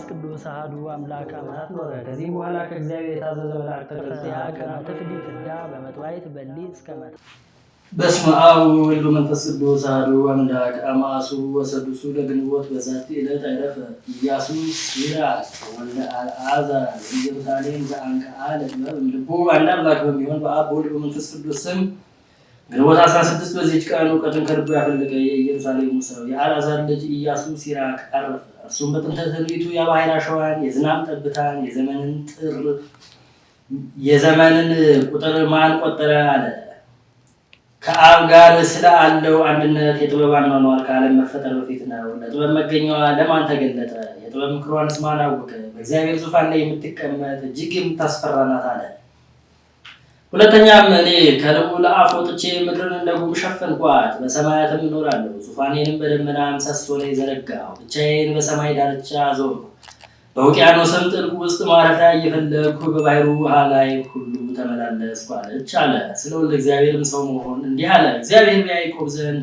መንፈስ ቅዱስ አህዱ አምላክ አማት ኖረ። ከዚህ በኋላ ከእግዚአብሔር የታዘዘ መልአክ ተቀርጽያ ከናንተ እዳ በመጥዋይት በሊ እስከ መጣ በስመ አብ ወወልድ ወመንፈስ ቅዱስ አሐዱ አምላክ አማሱ ወሰዱሱ ለግንቦት በዛቲ ዕለት አረፈ ኢያሱስ ይላል ወልደ አልዓዛር ኢየሩሳሌም ዘአንከአለ ጥበብ እምልቡ አንድ አምላክ በሚሆን በአብ በወልድ በመንፈስ ቅዱስ ስም ግንቦት 16 በዚህች ቀን እውቀትን ከልቡ ያፈለገ የኢየሩሳሌም ሰው የአልዓዛር ልጅ ኢያሱ ሲራክ አረፈ። እርሱም በጥንተ ትንቢቱ የባሕር አሸዋን፣ የዝናብ ጠብታን፣ የዘመንን ጥር የዘመንን ቁጥር ማን ቆጠረ አለ። ከአብ ጋር ስለ አለው አንድነት የጥበብ አኗኗር ከዓለም መፈጠር በፊት ነው። ለጥበብ መገኛዋ ለማን ተገለጠ? የጥበብ ምክሯንስ ማን አወቀ? በእግዚአብሔር ዙፋን ላይ የምትቀመጥ እጅግ የምታስፈራ ናት አለ። ሁለተኛም እኔ ከልዑል አፍ ወጥቼ ምድርን እንደ ጉም ሸፈንኳት፣ በሰማያትም እኖራለሁ። ዙፋኔንም በደመና ምሰሶ ላይ ዘረጋሁ፣ ብቻዬን በሰማይ ዳርቻ ዞርኩ። በውቅያኖስም ጥልቅ ውስጥ ማረፊያ እየፈለግኩ በባህሩ ውሃ ላይ ሁሉ ተመላለስኩ አለች አለ። ስለ ወልደ እግዚአብሔርም ሰው መሆን እንዲህ አለ። እግዚአብሔር በያዕቆብ ዘንድ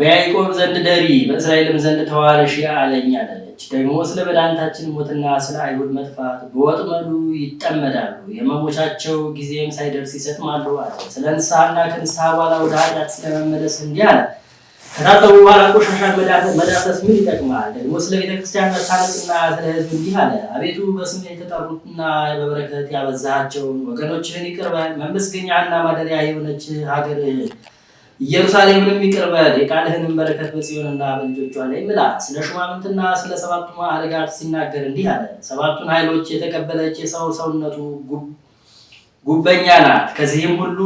በያዕቆብ ዘንድ ደሪ፣ በእስራኤልም ዘንድ ተዋረሺ አለኝ አለ ሰዎች ደግሞ ስለ መድኃኒታችን ሞትና ስለ አይሁድ መጥፋት በወጥመዱ ይጠመዳሉ፣ የመሞቻቸው ጊዜም ሳይደርስ ይሰጥማሉ አለ። ስለ ንስሐና ከንስሐ በኋላ ወደ ኃጢአት ስለመመለስ እንዲህ አለ። ከታጠቡ በኋላ ቆሻሻን መዳሰስ ምን ይጠቅማል? ደግሞ ስለ ቤተክርስቲያን መታነጽና ስለ ሕዝብ እንዲህ አለ። አቤቱ በስም የተጠሩትና በበረከት ያበዛሃቸውን ወገኖችህን ይቅር መመስገኛና ማደሪያ የሆነች ሀገር ኢየሩሳሌምንም ይቅር በል የቃልህንም በረከት በጽዮንና በልጆቿ ላይ ምላ። ስለ ሹማምንትና ስለ ሰባቱ ማዕርጋት ሲናገር እንዲህ አለ። ሰባቱን ኃይሎች የተቀበለች የሰው ሰውነቱ ጉበኛ ናት። ከዚህም ሁሉ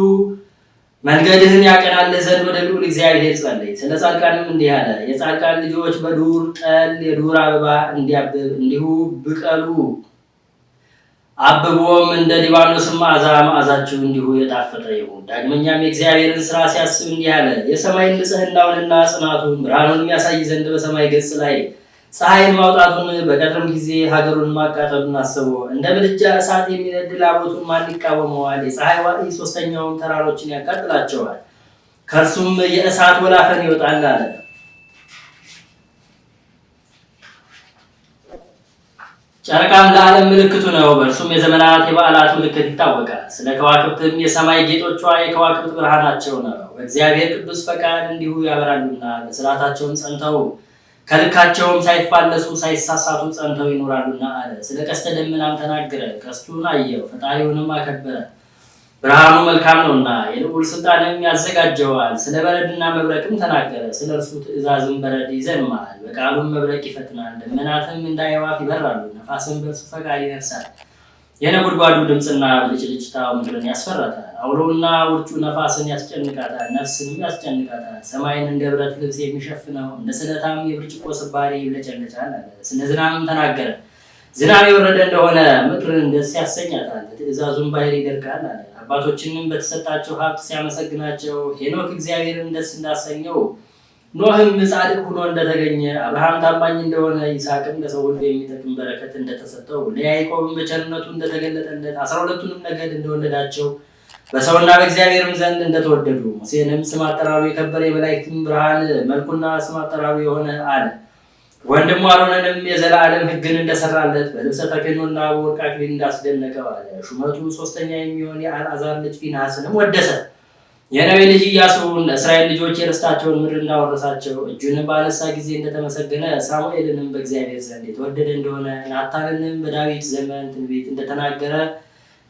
መንገድህን ያቀናለ ዘንድ ወደ ልዑል እግዚአብሔር ጸለይ። ስለ ጻድቃንም እንዲህ አለ። የጻድቃን ልጆች በዱር ጠል የዱር አበባ እንዲያብብ እንዲሁ ብቀሉ አብቦም እንደ ሊባኖስ መዓዛ መዓዛችሁ እንዲሁ የጣፈጠ ይሁን። ዳግመኛም የእግዚአብሔርን ስራ ሲያስብ እንዲህ አለ። የሰማይን ንጽህናውንና ጽናቱን ብርሃኑን ያሳይ ዘንድ በሰማይ ገጽ ላይ ፀሐይን ማውጣቱን በቀትርም ጊዜ ሀገሩን ማቃጠሉን አስቦ እንደ ምድጃ እሳት የሚነድ ላቦቱን ማን ይቃወመዋል? የፀሐይ ዋጥ ሶስተኛውን ተራሮችን ያቃጥላቸዋል። ከእርሱም የእሳት ወላፈን ይወጣል አለ። ጨረቃም ለዓለም ምልክቱ ነው። በእርሱም የዘመናት የበዓላት ምልክት ይታወቃል። ስለ ከዋክብትም የሰማይ ጌጦቿ የከዋክብት ብርሃናቸው ነው። በእግዚአብሔር ቅዱስ ፈቃድ እንዲሁ ያበራሉና በስርዓታቸውም ጸንተው ከልካቸውም ሳይፋለሱ ሳይሳሳቱ ጸንተው ይኖራሉና አለ። ስለ ቀስተ ደመናም ተናገረ። ቀስቱን አየው፣ ፈጣሪውንም አከበረ። ብርሃኑ መልካም ነውና የልዑል ስልጣንም ያዘጋጀዋል። ስለ በረድና መብረቅም ተናገረ። ስለ እርሱ ትእዛዝም በረድ ይዘንማል፣ በቃሉም መብረቅ ይፈጥናል። ደመናትም እንደ አዕዋፍ ይበራሉ፣ ነፋስም በእርሱ ፈቃድ ይነፍሳል። የነጎድጓዱ ድምፅና ብልጭልጭታው ምድርን ያስፈራታል። አውሎና ውርጩ ነፋስን ያስጨንቃታል፣ ነፍስንም ያስጨንቃታል። ሰማይን እንደ ብረት ልብስ የሚሸፍነው እንደ ስለታም የብርጭቆ ስባሪ ይብለጨለጫል አለ። ስለ ዝናብም ተናገረ ዝናብ የወረደ እንደሆነ ምድርን ደስ ያሰኛታል፣ ትእዛዙን ባህር ይደርቃል አለ። አባቶችንም በተሰጣቸው ሀብት ሲያመሰግናቸው ሄኖክ እግዚአብሔርን ደስ እንዳሰኘው፣ ኖህም ጻድቅ ሁኖ እንደተገኘ፣ አብርሃም ታማኝ እንደሆነ፣ ይስሐቅም ለሰው ሁሉ የሚጠቅም በረከት እንደተሰጠው፣ ለያዕቆብም በቸርነቱ እንደተገለጠለት፣ አስራ ሁለቱንም ነገድ እንደወለዳቸው፣ በሰውና በእግዚአብሔርም ዘንድ እንደተወደዱ፣ ሙሴንም ስም አጠራሩ የከበረ የመላእክትም ብርሃን መልኩና ስም አጠራሩ የሆነ አለ። ወንድሙ አሮንንም የዘላለም ሕግን እንደሰራለት በልብሰ ተክህኖና በወርቅ አክሊል እንዳስደነቀው ሹመቱ ሶስተኛ የሚሆን የአልዓዛር ልጅ ፊንሐስንም ወደሰ። የነዌ ልጅ ኢያሱን ለእስራኤል ልጆች የርስታቸውን ምድር እንዳወረሳቸው እጁንም ባነሳ ጊዜ እንደተመሰገነ ሳሙኤልንም በእግዚአብሔር ዘንድ የተወደደ እንደሆነ ናታንንም በዳዊት ዘመን ትንቢት እንደተናገረ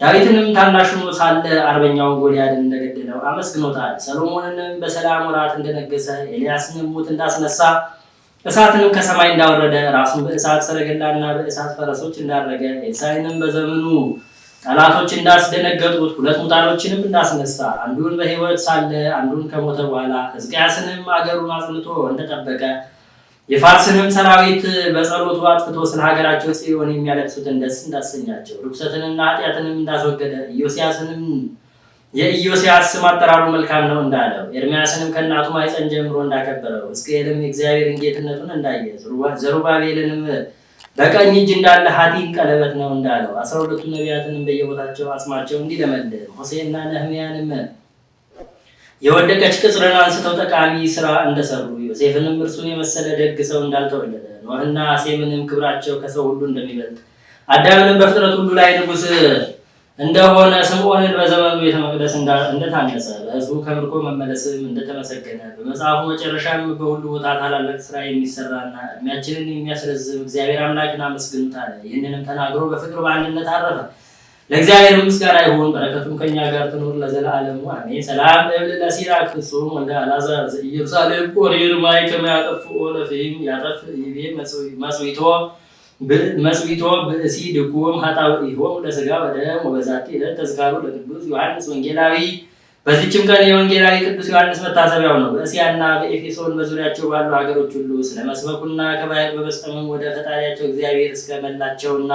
ዳዊትንም ታናሹ ሳለ አርበኛውን ጎልያድን እንደገደለው አመስግኖታል። ሰሎሞንንም በሰላም ወራት እንደነገሰ ኤልያስንም ሙት እንዳስነሳ እሳትንም ከሰማይ እንዳወረደ ራሱን በእሳት ሰረገላና በእሳት ፈረሶች እንዳረገ ኤልሳዕንም በዘመኑ ጠላቶች እንዳስደነገጡት ሁለት ሙታኖችንም እንዳስነሳ አንዱን በሕይወት ሳለ አንዱን ከሞተ በኋላ ሕዝቅያስንም አገሩን አጽንቶ እንደጠበቀ የፋርስንም ሰራዊት በጸሎቱ አጥፍቶ ስለ ሀገራቸው ጽዮን የሚያለቅሱትን ደስ እንዳሰኛቸው ርኩሰትንና ኃጢአትንም እንዳስወገደ ኢዮስያስንም የኢዮስያስ ስም አጠራሩ መልካም ነው እንዳለው ኤርሚያስንም ከእናቱ ማይፀን ጀምሮ እንዳከበረው ሕዝቅኤልም የእግዚአብሔርን ጌትነቱን እንዳየ ዘሩባቤልንም በቀኝ እጅ እንዳለ ሐቲም ቀለበት ነው እንዳለው አስራ ሁለቱ ነቢያትንም በየቦታቸው አጽማቸው እንዲለመልም ሆሴና ነህሚያንም የወደቀች ቅጽርን አንስተው ጠቃሚ ስራ እንደሰሩ ዮሴፍንም እርሱን የመሰለ ደግ ሰው እንዳልተወለደ ኖህና ሴምንም ክብራቸው ከሰው ሁሉ እንደሚበልጥ አዳምንም በፍጥረት ሁሉ ላይ ንጉስ እንደሆነ ስምዖንን በዘመኑ ቤተ መቅደስ እንደታነጸ በሕዝቡ ከምርኮ መመለስም እንደተመሰገነ በመጽሐፉ መጨረሻም በሁሉ ቦታ ታላላቅ ስራ የሚሰራና እድሜያችንን የሚያስረዝም እግዚአብሔር አምላክን አመስግኑት አለ። ይህንንም ተናግሮ በፍቅር በአንድነት አረፈ። ለእግዚአብሔር ምስጋና ይሁን፣ በረከቱም ከኛ ጋር ትኑር ለዘላለሙ አሜን። ሰላም እብል ለሲራክ ክሱም ወደ አላዛር ዘኢየሩሳሌም ቆሪር ማይ ከማያጠፍ ያጠፍኦ ለፍሂም ያጠፍ ይቤ መስዊቶ መጽቢቶ ብእሲ ድኩም ኃጣውኢሆሙ ለሥጋ ወደም ወበዛቲ ዕለት ተዝካሩ ለቅዱስ ዮሐንስ ወንጌላዊ። በዚችም ቀን የወንጌላዊ ቅዱስ ዮሐንስ መታሰቢያው ነው። በእስያና በኤፌሶን በዙሪያቸው ባሉ ሀገሮች ሁሉ ስለመስበኩና መስበኩና ከባሕር በመስጠሙም ወደ ፈጣሪያቸው እግዚአብሔር እስከመላቸውና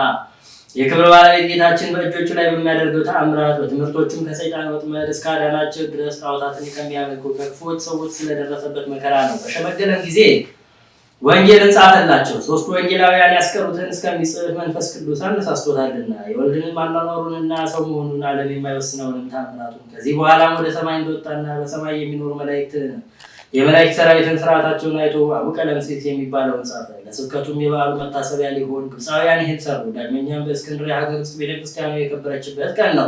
የክብር ባለቤት ጌታችን በእጆቹ ላይ በሚያደርገው ተአምራት በትምህርቶቹም ከሰይጣን ወጥመድ እስከ አዳናቸው ድረስ ጣዖታትን ከሚያመልኩ ከክፎች ሰዎች ስለደረሰበት መከራ ነው። በሸመገለም ጊዜ ወንጌልን ጻፈላቸው። ሶስቱ ወንጌላውያን ያስቀሩትን እስከሚጽፍ መንፈስ ቅዱስ አነሳስቶታልና የወልድንም አኗኗሩንና ሰው መሆኑን ዓለም የማይወስነውንም ታምራቱን ከዚህ በኋላም ወደ ሰማይ እንደወጣና በሰማይ የሚኖሩ መላእክትን የመላእክት ሰራዊትን ስርዓታቸውን አይቶ አቡቀለምሲስ የሚባለውን ጻፈ። ለስብከቱም የበዓሉ መታሰቢያ ሊሆን ግብፃውያን ይህን ሰሩ። ዳግመኛም በእስክንድርያ ሀገር ውስጥ ቤተክርስቲያኑ የከበረችበት ቀን ነው።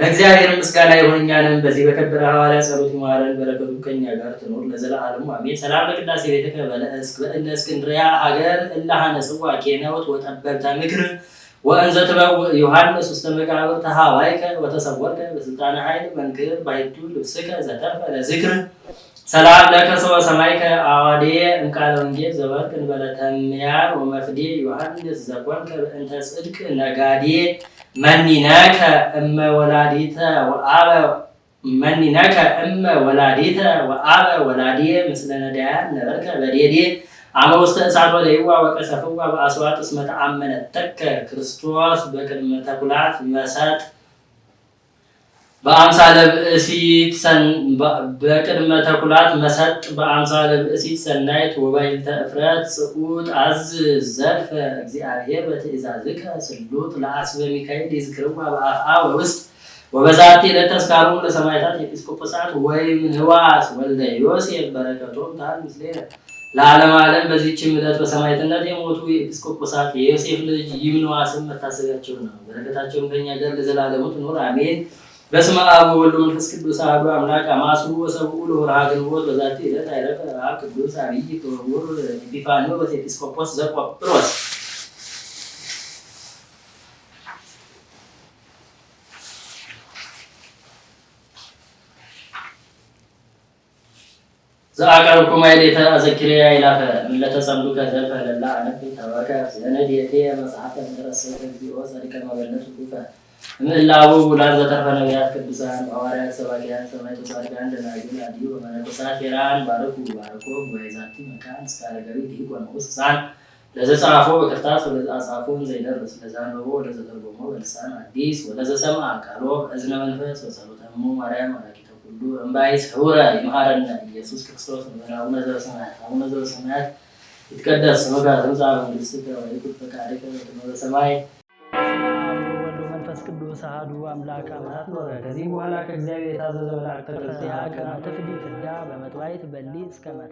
ለእግዚአብሔር ምስጋና ይሁን እኛንም በዚህ በከበረ ሐዋርያ ጸሎት ይማረን፣ በረከቱ ከኛ ጋር ትኖር ለዘለዓለሙ አሜን። ሰላም ለቅዳሴ ቤተከ በእለ እስክንድርያ ሀገር እላሃነ ሀነጽዋ ኬነውት ወጠበብተ ምክር ወእንዘ ትበውእ ዮሐንስ ውስተ መቃብር ተሐዋይከ ወተሰወርከ በስልጣነ ኃይል መንክር ባይቱ ልብስከ ዘተርፈ ለዝክር ሰላም ለከ ሰወ ሰማዕከ አዋዴ እንቃለ ወንጌል ዘወርቅ እንበለ ተምያን ወመፍዴ ዮሐንስ ዘኮንከ በእንተ ጽድቅ ነጋዴ መኒነከ እመ ወላዲተ ወአበ መኒነከ እመ ወላዲተ ወአበ ወላዴ ምስለ ነዳያን ነበርከ በዴዴ አመ ውስተ እሳት ወደይዋ ወቀሰፍዋ በአስዋጥ እስመ ተአመነተከ ክርስቶስ በቅድመ ተኩላት መሰጥ በአምሳለ ብእሲት በቅድመ ተኩላት መሰጥ በአምሳለ ብእሲት ሰናይት ወባይልተ እፍረት ጽዑጥ አዝ ዘርፈ እግዚአብሔር በትእዛዝከ ስሉጥ ለአስበ ሚካኤል ይዝክርዋ በአፍአ ውስጥ ወበዛቲ ለተስካሩ ለሰማዕታት ኤጲስቆጶሳት ህዋስ ወልደ ዮሴፍ በረከቶም ታል ምስሌነ ለዓለም ዓለም በዚች ምለት በሰማይትነት የሞቱ ኤጲስቆጶሳት የዮሴፍ ልጅ ይምንዋስም መታሰቢያቸው ነው። በረከታቸውም ከኛ ጋር ለዘላለሙ ትኖር አሜን። በስመ አብ ወወልድ ወመንፈስ ቅዱስ አሐዱ አምላክ አማስሩ ወሰብኡ ለወርኃ ግንቦት በዛቲ ዕለት አይረፈ ረአብ ቅዱስ አብይ ክቡር ኢጲፋንዮስ ኤጲስቆጶስ ዘቆጵሮስ። ዘአቀርብኩማ ኢሌተ አዘኪርያ ኢላፈ ምለተ ጸምዱከ ዘልፈ ለላ አነብብ ተበከ ዘነድየቴ መጽሐፈ እንተረሰተ እግዚኦ ጸድቀ መበለት ኩፈ ምላቡ ወላድ ዘተርፈ ነቢያት ቅዱሳን ሐዋርያት ሰባኪያን ሰማዕታት ጻድቃን ደናግል አድዮ በመነኮሳት የራን ባረኩ ባረኮ ወይዛቲ መካን እስከ አረጋዊ ዲቁ ወንቁሳን ለዘጻፎ በክርታስ ወለዘጻፎ ዘይደርስ ለዛንበቦ ወለዘተርጎሞ በልሳን አዲስ ወለዘሰማ ቃሎ በእዝነ መንፈስ ወጸሎተሙ ማርያም ወላቂተ ኩሉ እምባይስ ህውረ ይምሃረነ ኢየሱስ ክርስቶስ አቡነ ዘበሰማያት አቡነ ዘበሰማያት ይትቀደስ ስምከ ትምጻእ መንግሥትከ ወይኩን ፈቃድከ በከመ በሰማይ መንፈስ ቅዱስ አህዱ አምላክ አማት ኖረ። ከዚህ በኋላ ከእግዚአብሔር የታዘዘ መልአክ ተቀርጽ ያ ከመ ትፍዲ ፍዳ በመጥዋዕት በሊ እስከ መጣ